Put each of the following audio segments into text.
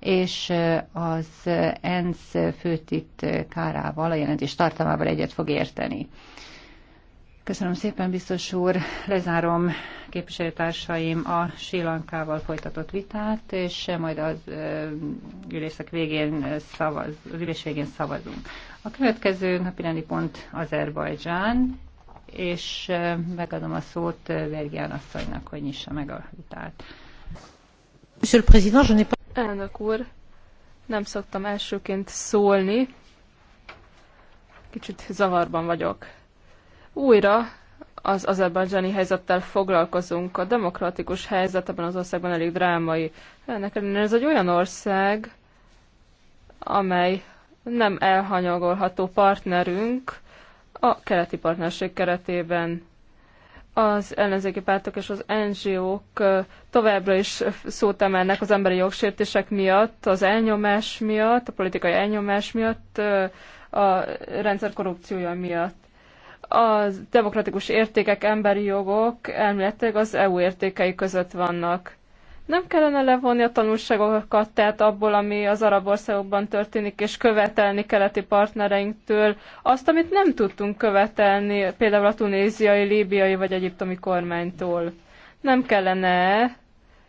és az ENSZ főtitkárával, a jelentés tartalmával egyet fog érteni. Köszönöm szépen, biztos úr. Lezárom képviselőtársaim a Sílankával folytatott vitát, és majd az ülések végén szavaz, az ülés végén szavazunk. A következő napirendi pont Azerbajdzsán, és megadom a szót Vergián asszonynak, hogy nyissa meg a vitát. Monsieur le Président, je n'ai pas... Elnök úr, nem szoktam elsőként szólni. Kicsit zavarban vagyok. Újra az azerbajdzsáni helyzettel foglalkozunk. A demokratikus helyzet ebben az országban elég drámai. Ennek ellenére ez egy olyan ország, amely nem elhanyagolható partnerünk a keleti partnerség keretében az ellenzéki pártok és az NGO-k továbbra is szót emelnek az emberi jogsértések miatt, az elnyomás miatt, a politikai elnyomás miatt, a rendszer korrupciója miatt. A demokratikus értékek, emberi jogok elméletileg az EU értékei között vannak. Nem kellene levonni a tanulságokat, tehát abból, ami az arab országokban történik, és követelni keleti partnereinktől azt, amit nem tudtunk követelni, például a tunéziai, líbiai vagy egyiptomi kormánytól. Nem kellene,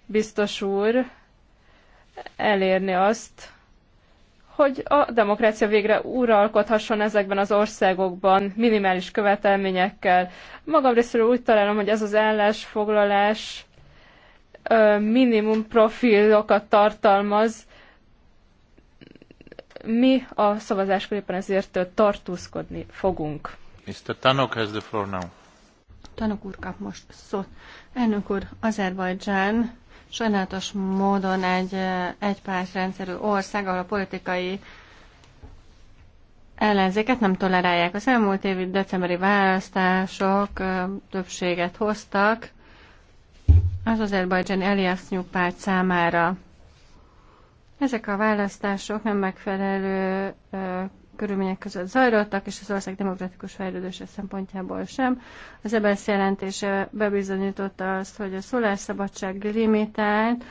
biztos úr, elérni azt, hogy a demokrácia végre uralkodhasson ezekben az országokban minimális követelményekkel. Magam részéről úgy találom, hogy ez az állásfoglalás minimum profilokat tartalmaz. Mi a szavazáskor éppen ezért tartózkodni fogunk. Mr. Tanok has the floor now. Tanok úr kap most szót. Elnök úr, Azerbajdzsán sajnálatos módon egy egypártrendszerű ország, ahol a politikai ellenzéket nem tolerálják. Az elmúlt évi decemberi választások többséget hoztak, az Azerbajdzsán elias párt számára. Ezek a választások nem megfelelő ö, körülmények között zajlottak, és az ország demokratikus fejlődése szempontjából sem. Az EBSZ jelentése bebizonyította azt, hogy a szólásszabadság limitált,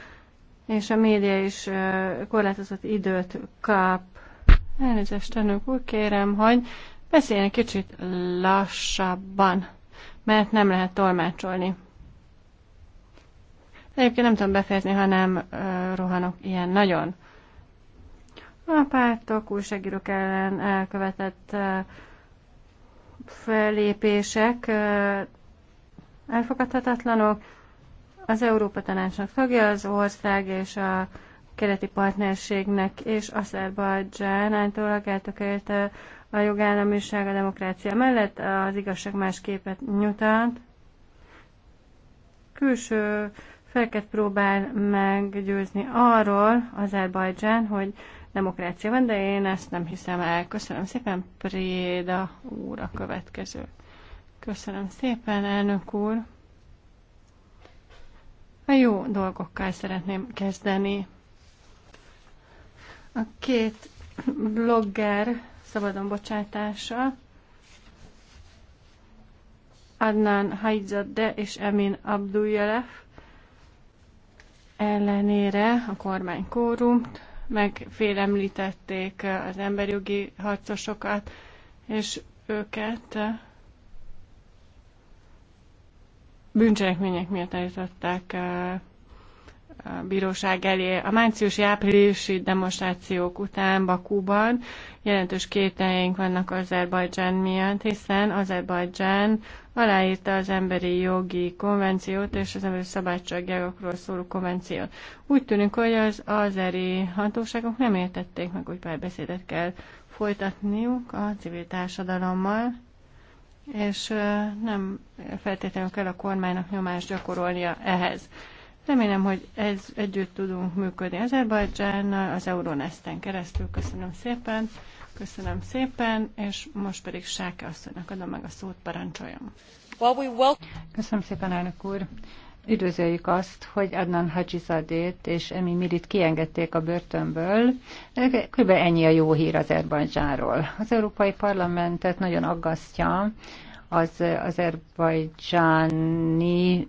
és a média is ö, korlátozott időt kap. Elnézést, tanúk úr, kérem, hogy beszéljen kicsit lassabban, mert nem lehet tolmácsolni. Egyébként nem tudom befejezni, ha nem rohanok ilyen nagyon. A pártok, újságírók ellen elkövetett fellépések elfogadhatatlanok. Az Európa Tanácsnak tagja az ország és a keleti partnerségnek és Azerbajdzsán állítólag eltökélt a jogállamiság a demokrácia mellett, az igazság más képet nyújtott. Külső felket próbál meggyőzni arról Azerbajdzsán, hogy demokrácia van, de én ezt nem hiszem el. Köszönöm szépen, Préda úr a következő. Köszönöm szépen, elnök úr. A jó dolgokkal szeretném kezdeni. A két blogger szabadon bocsátása, Adnan Hajzadde és Emin Abdujelef ellenére a kormány kórumt, megfélemlítették az emberjogi harcosokat, és őket bűncselekmények miatt állították a bíróság elé. A márciusi áprilisi demonstrációk után Bakúban jelentős kételjeink vannak Azerbajdzsán miatt, hiszen Azerbajdzsán aláírta az emberi jogi konvenciót és az emberi szabadságjogokról szóló konvenciót. Úgy tűnik, hogy az azeri hatóságok nem értették meg, hogy párbeszédet kell folytatniuk a civil társadalommal, és nem feltétlenül kell a kormánynak nyomást gyakorolnia ehhez. Remélem, hogy ez, együtt tudunk működni Azerbajdzsánnal, az Euronesten keresztül. Köszönöm szépen, köszönöm szépen, és most pedig Sáke asszonynak adom meg a szót, parancsoljam. Köszönöm szépen, elnök úr. Üdvözöljük azt, hogy Adnan Hajizadét és Emi Mirit kiengedték a börtönből. Kb. ennyi a jó hír Azerbajdzsáról. Az Európai Parlamentet nagyon aggasztja, az azerbajdzsáni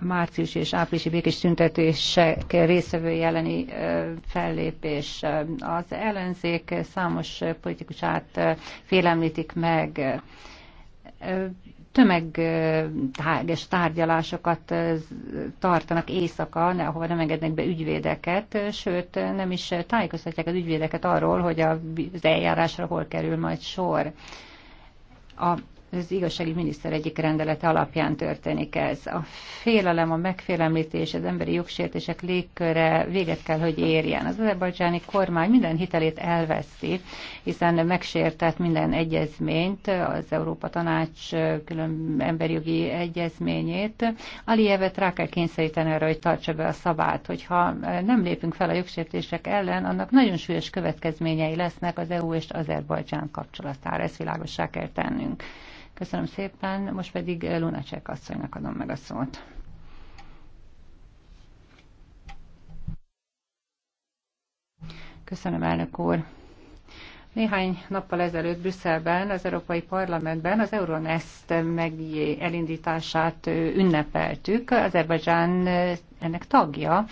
március és áprilisi békés tüntetések részvevő jeleni fellépés. Az ellenzék számos politikusát félemlítik meg tömeges tárgyalásokat tartanak éjszaka, ne, ahova nem engednek be ügyvédeket, sőt nem is tájékoztatják az ügyvédeket arról, hogy az eljárásra hol kerül majd sor. A az igazsági miniszter egyik rendelete alapján történik ez. A félelem, a megfélemlítés, az emberi jogsértések légköre véget kell, hogy érjen. Az azerbajdzsáni kormány minden hitelét elveszi, hiszen megsértett minden egyezményt, az Európa Tanács külön emberi jogi egyezményét. alijevet rá kell kényszeríteni arra, hogy tartsa be a szabát, hogyha nem lépünk fel a jogsértések ellen, annak nagyon súlyos következményei lesznek az EU és Azerbajdzsán kapcsolatára. Ezt világosá kell tennünk. Köszönöm szépen, most pedig eh, Lunacek asszonynak adom meg a szót. Köszönöm, elnök úr. Néhány nappal ezelőtt Brüsszelben, az Európai Parlamentben az Euronest elindítását ünnepeltük. Azerbajdzsán ennek tagja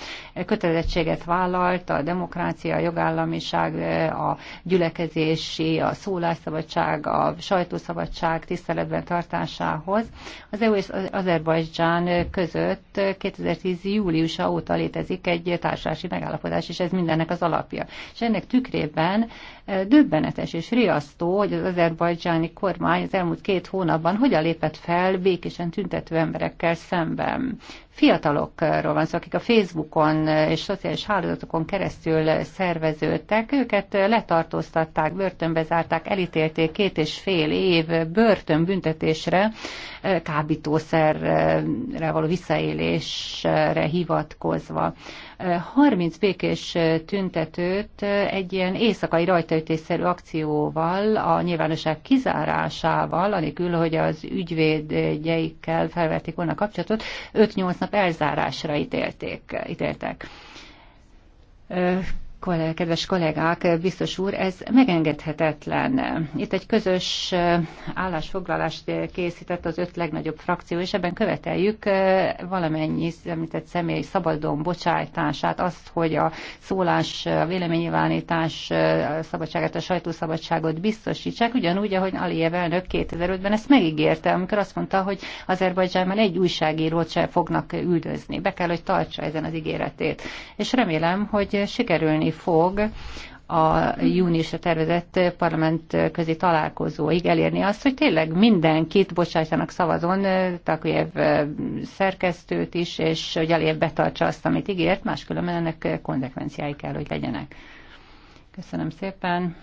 kötelezettséget vállalt a demokrácia, a jogállamiság, a gyülekezési, a szólásszabadság, a sajtószabadság tiszteletben tartásához. Az EU és Azerbajdzsán között 2010. júliusa óta létezik egy társulási megállapodás, és ez mindennek az alapja. És ennek tükrében Döbbenetes és riasztó, hogy az azerbajdzsáni kormány az elmúlt két hónapban hogyan lépett fel békésen tüntető emberekkel szemben. Fiatalokról van szó, akik a Facebookon és szociális hálózatokon keresztül szerveződtek, őket letartóztatták, börtönbe zárták, elítélték két és fél év börtönbüntetésre, kábítószerre való visszaélésre hivatkozva. 30 békés tüntetőt egy ilyen éjszakai rajtaütésszerű akcióval, a nyilvánosság kizárásával, anélkül, hogy az ügyvédjeikkel felvették volna kapcsolatot, 5-8 nap elzárásra ítélték, ítéltek kedves kollégák, biztos úr, ez megengedhetetlen. Itt egy közös állásfoglalást készített az öt legnagyobb frakció, és ebben követeljük valamennyi említett személy szabadon bocsájtását, azt, hogy a szólás, a véleménynyilvánítás szabadságát, a sajtószabadságot biztosítsák, ugyanúgy, ahogy Aliyev elnök 2005-ben ezt megígérte, amikor azt mondta, hogy Azerbajdzsánban egy újságírót sem fognak üldözni. Be kell, hogy tartsa ezen az ígéretét. És remélem, hogy sikerülni folytatódni fog a júniusra tervezett parlament közé találkozóig elérni azt, hogy tényleg mindenkit bocsájtanak szavazon, Takujev szerkesztőt is, és hogy elér betartsa azt, amit ígért, máskülönben ennek konzekvenciái kell, hogy legyenek. Köszönöm szépen.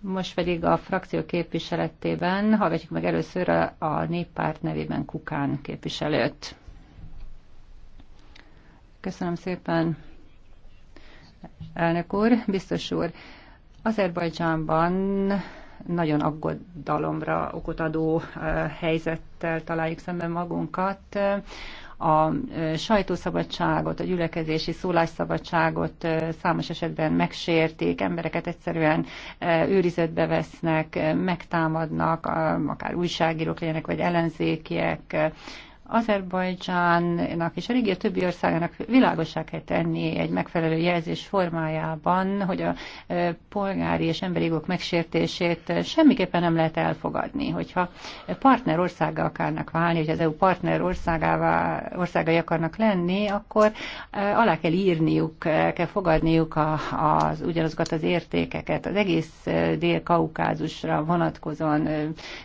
Most pedig a frakció képviseletében hallgatjuk meg először a, a néppárt nevében Kukán képviselőt. Köszönöm szépen elnök úr, biztos úr. Azerbajdzsánban nagyon aggodalomra okot adó helyzettel találjuk szemben magunkat. A sajtószabadságot, a gyülekezési szólásszabadságot számos esetben megsérték, embereket egyszerűen őrizetbe vesznek, megtámadnak, akár újságírók legyenek, vagy ellenzékiek, Azerbajdzsánnak és a régió többi országának világosá kell tenni egy megfelelő jelzés formájában, hogy a polgári és emberi jogok megsértését semmiképpen nem lehet elfogadni. Hogyha partner országa akarnak válni, hogy az EU partner országává, országai akarnak lenni, akkor alá kell írniuk, kell fogadniuk az ugyanazokat az értékeket. Az egész Dél-Kaukázusra vonatkozóan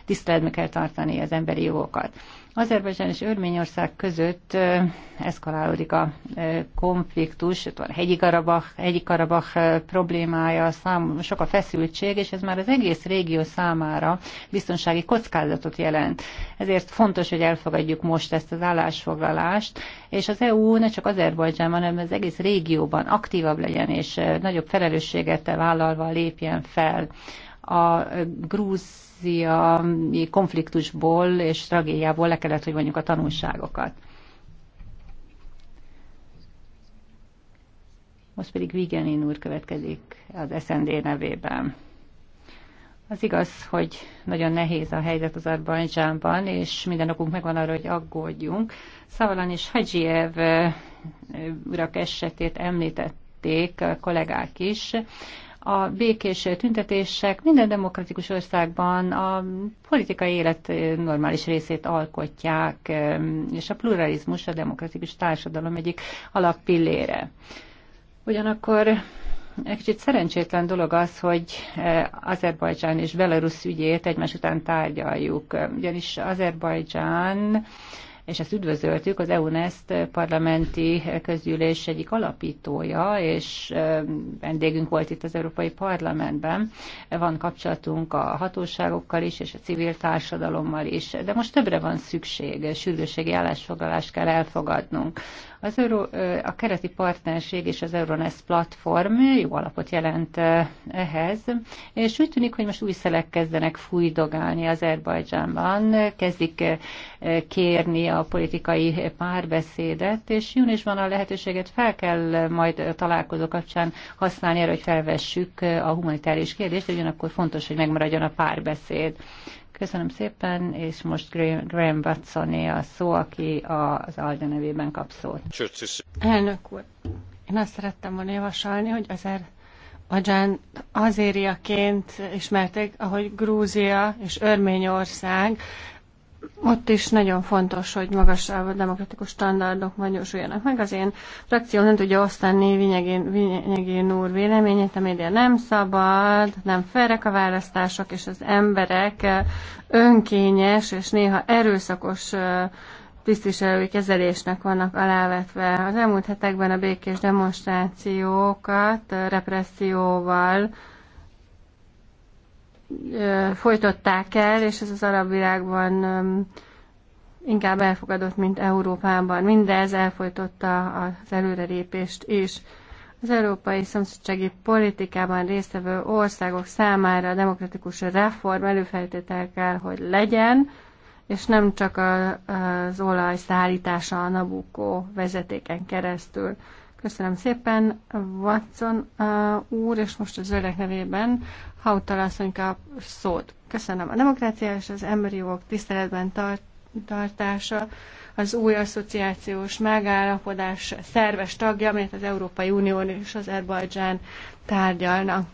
tiszteletbe kell tartani az emberi jogokat. Azerbajdzsán és Örményország között eszkalálódik a konfliktus, ott van hegyi Karabach, hegyi Karabach problémája, szám, sok a feszültség, és ez már az egész régió számára biztonsági kockázatot jelent. Ezért fontos, hogy elfogadjuk most ezt az állásfoglalást, és az EU ne csak Azerbajdzsánban, hanem az egész régióban aktívabb legyen, és nagyobb felelősséget vállalva lépjen fel a grúziai konfliktusból és tragédiából le kellett, hogy mondjuk a tanulságokat. Most pedig Vigenin úr következik az SND nevében. Az igaz, hogy nagyon nehéz a helyzet az Azerbajdzsánban, és minden okunk megvan arra, hogy aggódjunk. Szavalan és Hajjiev eh, urak esetét említették a eh, kollégák is a békés tüntetések minden demokratikus országban a politikai élet normális részét alkotják, és a pluralizmus a demokratikus társadalom egyik alappillére. Ugyanakkor egy kicsit szerencsétlen dolog az, hogy Azerbajdzsán és Belarus ügyét egymás után tárgyaljuk, ugyanis Azerbajdzsán és ezt üdvözöltük, az EUNEST parlamenti közgyűlés egyik alapítója, és vendégünk volt itt az Európai Parlamentben. Van kapcsolatunk a hatóságokkal is, és a civil társadalommal is, de most többre van szükség, sürgőségi állásfoglalást kell elfogadnunk. Az Euró, a kereti partnerség és az Euronest platform jó alapot jelent ehhez, és úgy tűnik, hogy most új szelek kezdenek fújdogálni Erbajdzsánban, kezdik kérni a politikai párbeszédet, és júniusban a lehetőséget fel kell majd találkozó kapcsán használni arra, hogy felvessük a humanitárius kérdést, de ugyanakkor fontos, hogy megmaradjon a párbeszéd. Köszönöm szépen, és most Graham watson a szó, aki az Alde nevében kap szót. Elnök úr, én azt szerettem volna javasolni, hogy azért Adzsán azériaként ismerték, ahogy Grúzia és Örményország ott is nagyon fontos, hogy magasabb demokratikus standardok magyarsuljanak meg. Az én frakció nem tudja osztani Vinyegén úr véleményét, a média nem szabad, nem felek a választások, és az emberek önkényes és néha erőszakos tisztviselői kezelésnek vannak alávetve. Az elmúlt hetekben a békés demonstrációkat represszióval folytották el, és ez az arab világban inkább elfogadott, mint Európában. Mindez elfolytotta az előrelépést is. Az európai szomszédsági politikában résztvevő országok számára a demokratikus reform előfeltétel kell, hogy legyen, és nem csak az olaj szállítása a Nabukó vezetéken keresztül. Köszönöm szépen, Watson úr, és most az öreg nevében Hautal asszony kap szót. Köszönöm. A demokrácia és az emberi jogok tiszteletben tart, tartása az új asszociációs megállapodás szerves tagja, amelyet az Európai Unió és az Erbajdzsán tárgyalnak.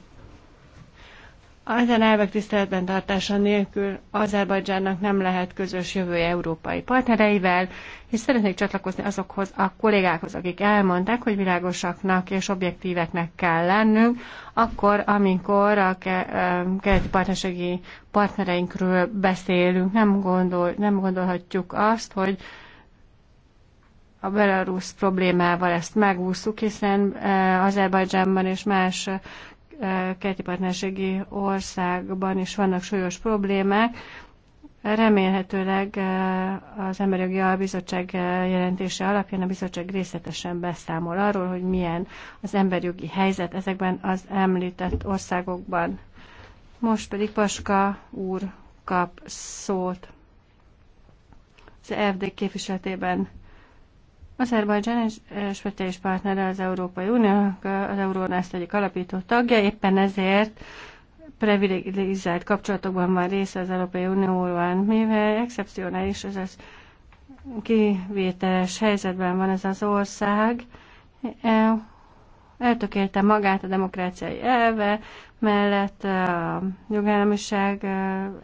Ezen elvek tiszteletben tartása nélkül Azerbajdzsánnak nem lehet közös jövő európai partnereivel, és szeretnék csatlakozni azokhoz a kollégákhoz, akik elmondták, hogy világosaknak és objektíveknek kell lennünk, akkor, amikor a keleti partnerségi partnereinkről beszélünk, nem, gondol, nem gondolhatjuk azt, hogy a belarusz problémával ezt megúszuk, hiszen Azerbajdzsánban és más keleti partnerségi országban is vannak súlyos problémák. Remélhetőleg eh, az Emberi Jogi Albizottság eh, jelentése alapján a bizottság részletesen beszámol arról, hogy milyen az emberi jogi helyzet ezekben az említett országokban. Most pedig Paska úr kap szót. Az FD képviseletében Azerbajdzsán és speciális partnere az Európai Unió, az Euronest egyik alapító tagja, éppen ezért privilegizált kapcsolatokban van része az Európai Unióval, mivel excepcionális, az kivételes helyzetben van ez az ország. E, eltökélte magát a demokráciai elve mellett, a jogállamiság e,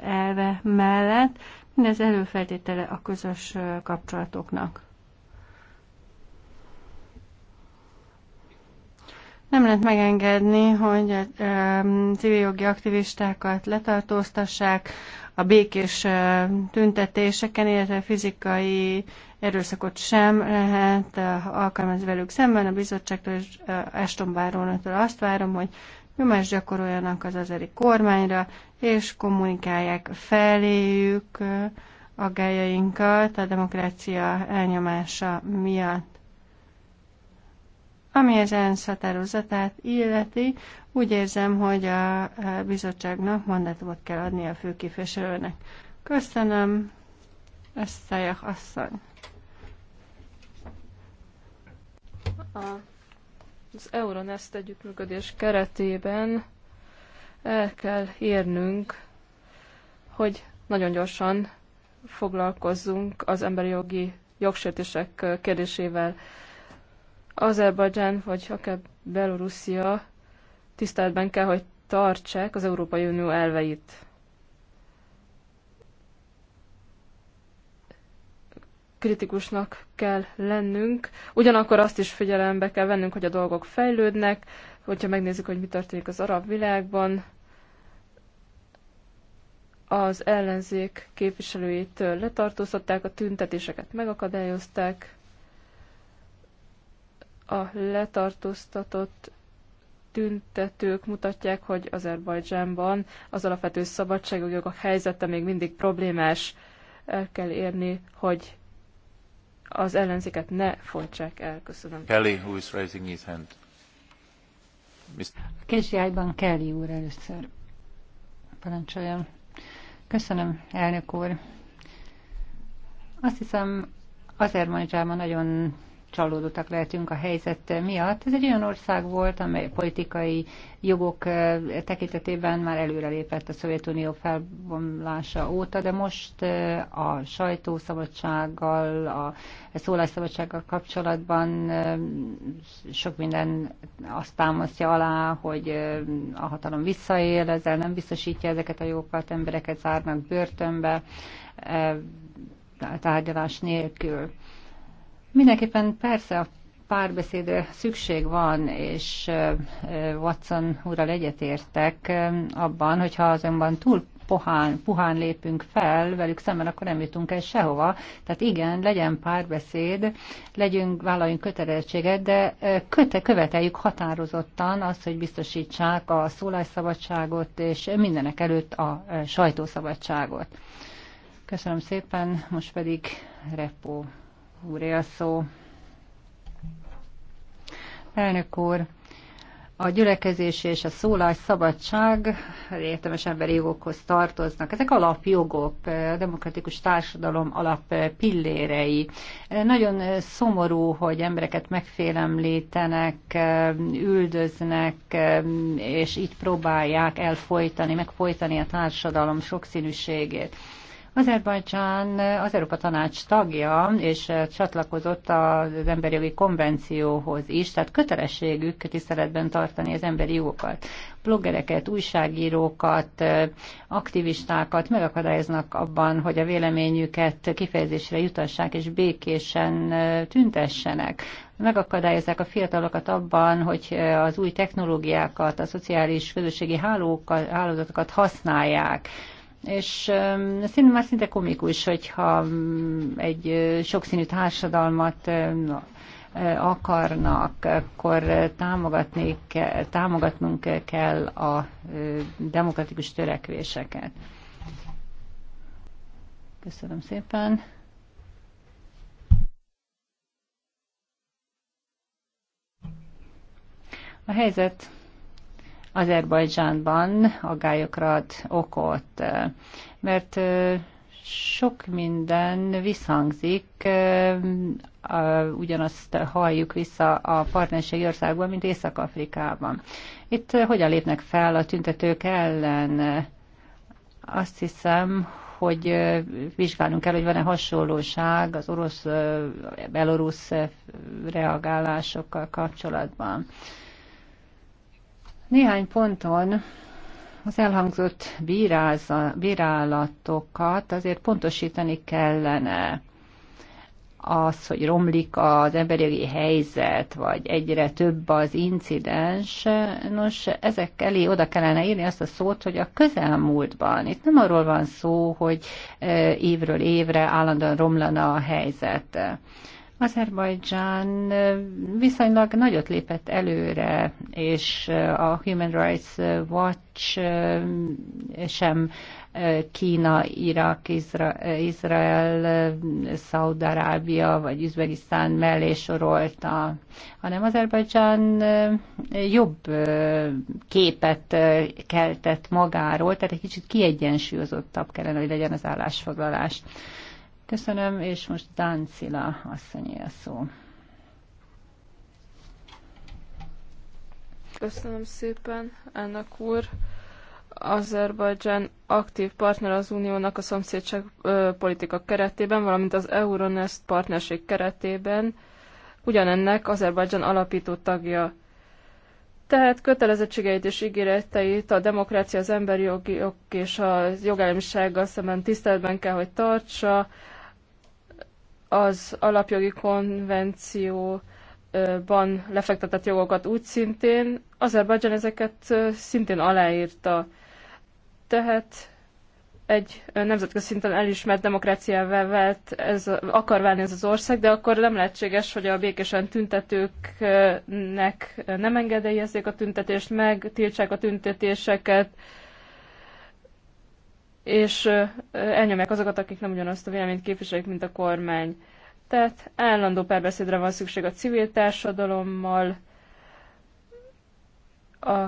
elve mellett, mindez előfeltétele a közös e, kapcsolatoknak. Nem lehet megengedni, hogy a eh, civil jogi aktivistákat letartóztassák a békés eh, tüntetéseken, illetve fizikai erőszakot sem lehet eh, alkalmazni velük szemben. A bizottságtól és Eston azt várom, hogy nyomást gyakoroljanak az azeri kormányra, és kommunikálják feléjük aggájainkat a demokrácia elnyomása miatt. Ami az ENSZ határozatát illeti, úgy érzem, hogy a bizottságnak mandátumot kell adni a főképviselőnek. Köszönöm, Esztályach asszony. Az Euronest együttműködés keretében el kell érnünk, hogy nagyon gyorsan foglalkozzunk az emberi jogi jogsértések kérdésével. Azerbajdzsán vagy akár Belorusszia tiszteletben kell, hogy tartsák az Európai Unió elveit. Kritikusnak kell lennünk, ugyanakkor azt is figyelembe kell vennünk, hogy a dolgok fejlődnek, hogyha megnézzük, hogy mi történik az arab világban, az ellenzék képviselőit letartóztatták, a tüntetéseket megakadályozták, a letartóztatott tüntetők mutatják, hogy Azerbajdzsánban az alapvető szabadságjogok helyzete még mindig problémás. El kell érni, hogy az ellenzéket ne fontsák el. Köszönöm. Kelly, who is raising his hand. Kézsiájban Kelly úr először. Parancsoljon. Köszönöm, elnök úr. Azt hiszem, Azerbajdzsánban nagyon csalódottak lehetünk a helyzet miatt. Ez egy olyan ország volt, amely politikai jogok eh, tekintetében már előrelépett a Szovjetunió felbomlása óta, de most eh, a sajtószabadsággal, a szólásszabadsággal kapcsolatban eh, sok minden azt támasztja alá, hogy a hatalom visszaél, ezzel nem biztosítja ezeket a jogokat, embereket zárnak börtönbe, tárgyalás nélkül. Mindenképpen persze a párbeszédre szükség van, és Watson úrral egyetértek abban, hogyha azonban túl pohán, puhán lépünk fel velük szemben, akkor nem jutunk el sehova. Tehát igen, legyen párbeszéd, legyünk, vállaljunk kötelezettséget, de köte, követeljük határozottan azt, hogy biztosítsák a szólásszabadságot, és mindenek előtt a sajtószabadságot. Köszönöm szépen, most pedig Repó úré a szó. Elnök úr, a gyülekezés és a szólás szabadság értelmes emberi jogokhoz tartoznak. Ezek alapjogok, a demokratikus társadalom alap pillérei. Nagyon szomorú, hogy embereket megfélemlítenek, üldöznek, és így próbálják elfolytani, megfolytani a társadalom sokszínűségét. Azerbajcsán az Európa Tanács tagja, és csatlakozott az emberi jogi konvencióhoz is, tehát kötelességük tiszteletben tartani az emberi jogokat. Bloggereket, újságírókat, aktivistákat megakadályoznak abban, hogy a véleményüket kifejezésre jutassák és békésen tüntessenek megakadályozzák a fiatalokat abban, hogy az új technológiákat, a szociális közösségi hálókat, hálózatokat használják és szinte már szinte komikus, hogyha egy sokszínű társadalmat akarnak, akkor támogatni kell, támogatnunk kell a demokratikus törekvéseket. Köszönöm szépen. A helyzet Azerbajdzsánban aggályokra ad okot, mert sok minden visszhangzik, ugyanazt halljuk vissza a partnerségi országban, mint Észak-Afrikában. Itt hogyan lépnek fel a tüntetők ellen? Azt hiszem, hogy vizsgálnunk kell, hogy van-e hasonlóság az orosz, belorusz reagálásokkal kapcsolatban. Néhány ponton az elhangzott bírázza, bírálatokat azért pontosítani kellene az, hogy romlik az emberi helyzet, vagy egyre több az incidens, nos, ezek elé oda kellene írni azt a szót, hogy a közelmúltban. Itt nem arról van szó, hogy e, évről évre állandóan romlana a helyzet. Azerbajdzsán viszonylag nagyot lépett előre, és a Human Rights Watch sem Kína, Irak, Izra- Izrael, Szaudarábia vagy Üzbegisztán mellé sorolta, hanem Azerbajdzsán jobb képet keltett magáról, tehát egy kicsit kiegyensúlyozottabb kellene, hogy legyen az állásfoglalás. Köszönöm, és most Táncila asszonyé a szó. Köszönöm szépen, Ennek úr. Azerbajdzsán aktív partner az Uniónak a szomszédság politika keretében, valamint az Euronest partnerség keretében, ugyanennek Azerbajdzsán alapító tagja. Tehát kötelezettségeit és ígéreteit a demokrácia, az emberi jogok és a jogállamisággal szemben tiszteletben kell, hogy tartsa, az alapjogi konvencióban lefektetett jogokat úgy szintén, Azerbajdzsán ezeket szintén aláírta. Tehát egy nemzetközi szinten elismert demokráciával, vált, ez, akar válni ez az ország, de akkor nem lehetséges, hogy a békésen tüntetőknek nem engedélyezzék a tüntetést, meg tiltsák a tüntetéseket, és elnyomják azokat, akik nem ugyanazt a véleményt képviselik, mint a kormány. Tehát állandó párbeszédre van szükség a civil társadalommal, a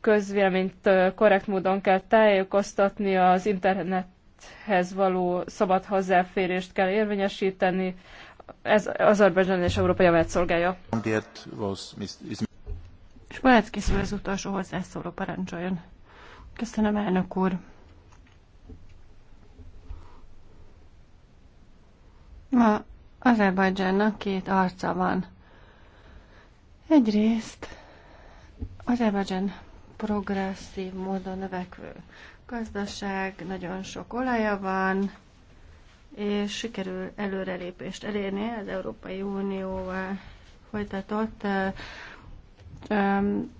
közvéleményt korrekt módon kell tájékoztatni, az internethez való szabad hozzáférést kell érvényesíteni, ez Azerbajdzsán és Európa javát szolgálja. És Balecki az utolsó hozzászóló parancsoljon. Köszönöm, elnök úr. Ma Azerbajdzsánnak két arca van. Egyrészt Azerbajdzsán progresszív módon növekvő gazdaság, nagyon sok olaja van, és sikerül előrelépést elérni az Európai Unióval folytatott um,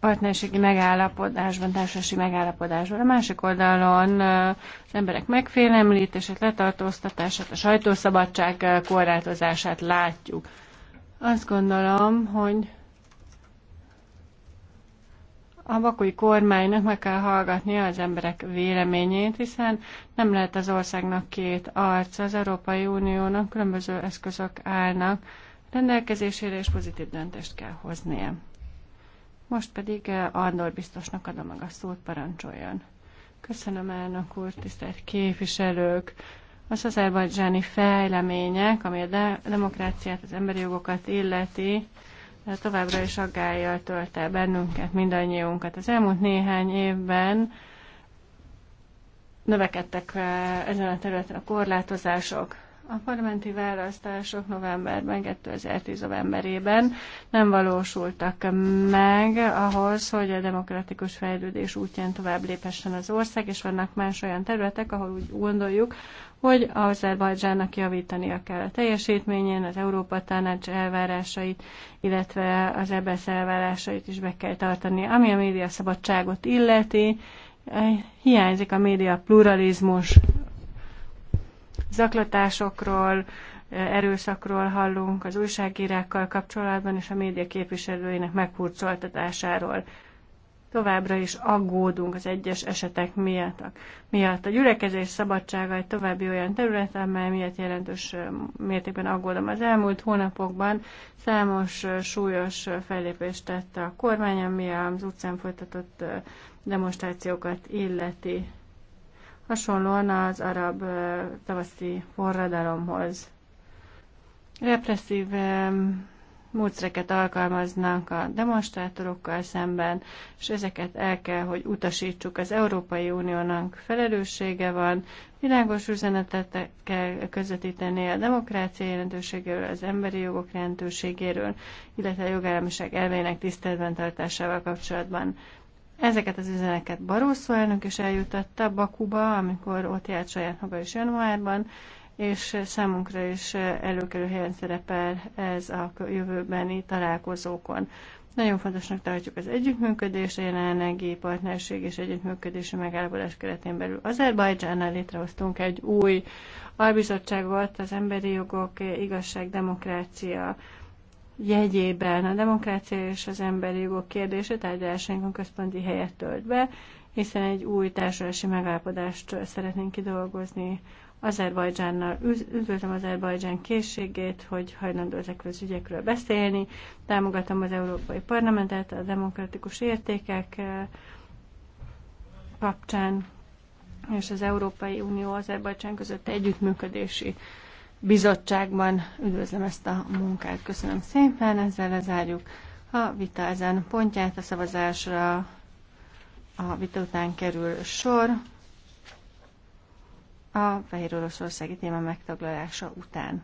partnerségi megállapodásban, társasági megállapodásban. A másik oldalon az emberek megfélemlítését, letartóztatását, a sajtószabadság korlátozását látjuk. Azt gondolom, hogy a bakúi kormánynak meg kell hallgatnia az emberek véleményét, hiszen nem lehet az országnak két arc, az Európai Uniónak különböző eszközök állnak rendelkezésére, és pozitív döntést kell hoznia. Most pedig eh, Andor biztosnak adom meg a szót, parancsoljon. Köszönöm, elnök úr, tisztelt képviselők! Az azerbajdzsáni fejlemények, ami a demokráciát, az emberi jogokat illeti, eh, továbbra is aggájjal tölt el bennünket, mindannyiunkat. Az elmúlt néhány évben növekedtek eh, ezen a területen a korlátozások. A parlamenti választások novemberben, 2010 novemberében nem valósultak meg ahhoz, hogy a demokratikus fejlődés útján tovább léphessen az ország, és vannak más olyan területek, ahol úgy gondoljuk, hogy Azerbajdzsának javítania kell a teljesítményén, az Európa Tanács elvárásait, illetve az EBSZ e elvárásait is be kell tartani. Ami a média szabadságot illeti, hiányzik a média pluralizmus zaklatásokról, erőszakról hallunk, az újságírákkal kapcsolatban és a média képviselőinek meghurcoltatásáról. Továbbra is aggódunk az egyes esetek miatt. miatt. A gyülekezés szabadsága egy további olyan terület, amely miatt jelentős mértékben aggódom. Az elmúlt hónapokban számos súlyos fellépést tette a kormány, ami az utcán folytatott demonstrációkat illeti hasonlóan az arab tavaszi forradalomhoz. Represszív módszereket alkalmaznak a demonstrátorokkal szemben, és ezeket el kell, hogy utasítsuk. Az Európai Uniónak felelőssége van, világos üzenetet kell közvetíteni a demokrácia jelentőségéről, az emberi jogok jelentőségéről, illetve a jogállamiság elvének tiszteletben tartásával kapcsolatban. Ezeket az üzeneket Barroso elnök is eljutatta Bakuba, amikor ott járt saját maga is januárban, és számunkra is előkerül helyen szerepel ez a jövőbeni találkozókon. Nagyon fontosnak tartjuk az együttműködést, a jelenlegi partnerség és együttműködési megállapodás keretén belül. Azerbajdzsánnal létrehoztunk egy új albizottságot az emberi jogok, igazság, demokrácia jegyében a demokrácia és az emberi jogok kérdése tárgyalásainkon központi helyet tölt be, hiszen egy új társadalmi megállapodást szeretnénk kidolgozni Azerbajdzsánnal. Üdvözlöm Azerbajdzsán készségét, hogy hajlandó ezekről az ügyekről beszélni. Támogatom az Európai Parlamentet a demokratikus értékek eh, kapcsán és az Európai Unió Azerbajdzsán között együttműködési bizottságban. Üdvözlöm ezt a munkát, köszönöm szépen, ezzel lezárjuk a vita ezen pontját, a szavazásra a vita után kerül sor a Fehér Oroszországi téma megtaglalása után.